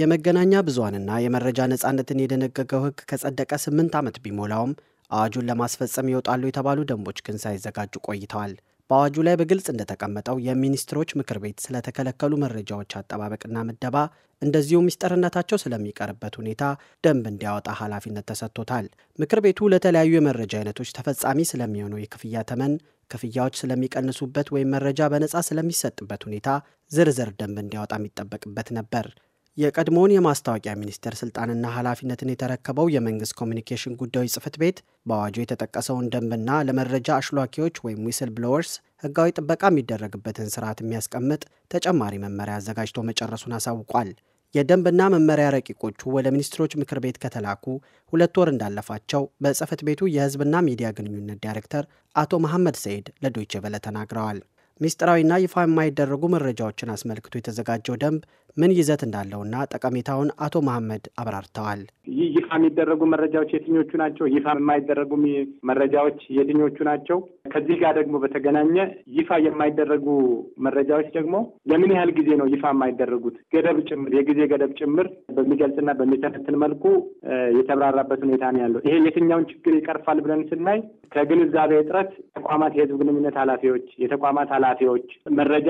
የመገናኛ ብዙሃንና የመረጃ ነጻነትን የደነገገው ሕግ ከጸደቀ ስምንት ዓመት ቢሞላውም አዋጁን ለማስፈጸም ይወጣሉ የተባሉ ደንቦች ግን ሳይዘጋጁ ቆይተዋል። በአዋጁ ላይ በግልጽ እንደተቀመጠው የሚኒስትሮች ምክር ቤት ስለተከለከሉ መረጃዎች አጠባበቅና ምደባ እንደዚሁ ሚስጠርነታቸው ስለሚቀርበት ሁኔታ ደንብ እንዲያወጣ ኃላፊነት ተሰጥቶታል። ምክር ቤቱ ለተለያዩ የመረጃ አይነቶች ተፈጻሚ ስለሚሆነው የክፍያ ተመን፣ ክፍያዎች ስለሚቀንሱበት ወይም መረጃ በነጻ ስለሚሰጥበት ሁኔታ ዝርዝር ደንብ እንዲያወጣ የሚጠበቅበት ነበር። የቀድሞውን የማስታወቂያ ሚኒስቴር ስልጣንና ኃላፊነትን የተረከበው የመንግስት ኮሚኒኬሽን ጉዳዮች ጽህፈት ቤት በአዋጁ የተጠቀሰውን ደንብና ለመረጃ አሽሏኪዎች ወይም ዊስል ብሎወርስ ህጋዊ ጥበቃ የሚደረግበትን ስርዓት የሚያስቀምጥ ተጨማሪ መመሪያ አዘጋጅቶ መጨረሱን አሳውቋል። የደንብና መመሪያ ረቂቆቹ ወደ ሚኒስትሮች ምክር ቤት ከተላኩ ሁለት ወር እንዳለፋቸው በጽህፈት ቤቱ የህዝብና ሚዲያ ግንኙነት ዳይሬክተር አቶ መሐመድ ሰይድ ለዶይቼ ቬለ ተናግረዋል። ሚስጥራዊና ይፋ የማይደረጉ መረጃዎችን አስመልክቶ የተዘጋጀው ደንብ ምን ይዘት እንዳለውና ጠቀሜታውን አቶ መሐመድ አብራርተዋል። ይህ ይፋ የሚደረጉ መረጃዎች የትኞቹ ናቸው? ይፋ የማይደረጉ መረጃዎች የትኞቹ ናቸው? ከዚህ ጋር ደግሞ በተገናኘ ይፋ የማይደረጉ መረጃዎች ደግሞ ለምን ያህል ጊዜ ነው ይፋ የማይደረጉት? ገደብ ጭምር የጊዜ ገደብ ጭምር በሚገልጽና በሚተነትን መልኩ የተብራራበት ሁኔታ ነው ያለው። ይሄ የትኛውን ችግር ይቀርፋል ብለን ስናይ ከግንዛቤ እጥረት ተቋማት የህዝብ ግንኙነት ኃላፊዎች የተቋማት ኃላ ኃላፊዎች መረጃ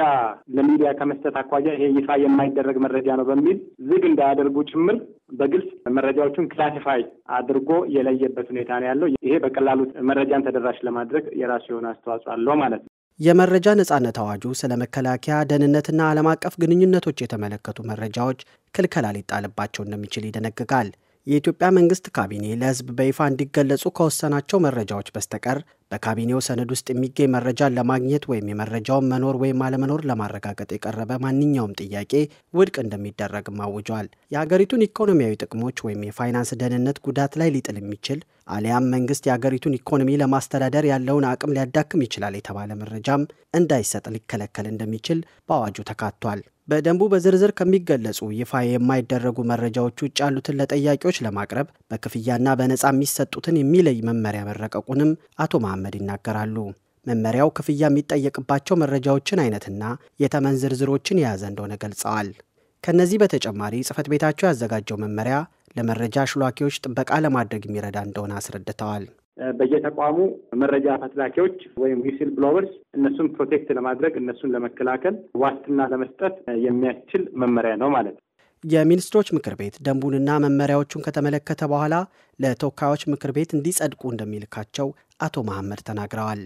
ለሚዲያ ከመስጠት አኳያ ይሄ ይፋ የማይደረግ መረጃ ነው በሚል ዝግ እንዳያደርጉ ጭምር በግልጽ መረጃዎቹን ክላሲፋይ አድርጎ የለየበት ሁኔታ ነው ያለው። ይሄ በቀላሉ መረጃን ተደራሽ ለማድረግ የራሱ የሆነ አስተዋጽኦ አለው ማለት ነው። የመረጃ ነጻነት አዋጁ ስለ መከላከያ ደህንነትና ዓለም አቀፍ ግንኙነቶች የተመለከቱ መረጃዎች ክልከላ ሊጣልባቸው እንደሚችል ይደነግጋል። የኢትዮጵያ መንግስት ካቢኔ ለሕዝብ በይፋ እንዲገለጹ ከወሰናቸው መረጃዎች በስተቀር በካቢኔው ሰነድ ውስጥ የሚገኝ መረጃን ለማግኘት ወይም የመረጃውን መኖር ወይም አለመኖር ለማረጋገጥ የቀረበ ማንኛውም ጥያቄ ውድቅ እንደሚደረግም አውጇል። የአገሪቱን ኢኮኖሚያዊ ጥቅሞች ወይም የፋይናንስ ደህንነት ጉዳት ላይ ሊጥል የሚችል አሊያም መንግስት የአገሪቱን ኢኮኖሚ ለማስተዳደር ያለውን አቅም ሊያዳክም ይችላል የተባለ መረጃም እንዳይሰጥ ሊከለከል እንደሚችል በአዋጁ ተካቷል። በደንቡ በዝርዝር ከሚገለጹ ይፋ የማይደረጉ መረጃዎች ውጭ ያሉትን ለጠያቂዎች ለማቅረብ በክፍያና በነፃ የሚሰጡትን የሚለይ መመሪያ መረቀቁንም አቶ ማ መሐመድ ይናገራሉ። መመሪያው ክፍያ የሚጠየቅባቸው መረጃዎችን አይነትና የተመን ዝርዝሮችን የያዘ እንደሆነ ገልጸዋል። ከነዚህ በተጨማሪ ጽህፈት ቤታቸው ያዘጋጀው መመሪያ ለመረጃ አሽሏኪዎች ጥበቃ ለማድረግ የሚረዳ እንደሆነ አስረድተዋል። በየተቋሙ መረጃ ፈትላኪዎች ወይም ዊስል ብሎወርስ እነሱን ፕሮቴክት ለማድረግ እነሱን ለመከላከል ዋስትና ለመስጠት የሚያስችል መመሪያ ነው ማለት ነው። የሚኒስትሮች ምክር ቤት ደንቡንና መመሪያዎቹን ከተመለከተ በኋላ ለተወካዮች ምክር ቤት እንዲጸድቁ እንደሚልካቸው አቶ መሐመድ ተናግረዋል።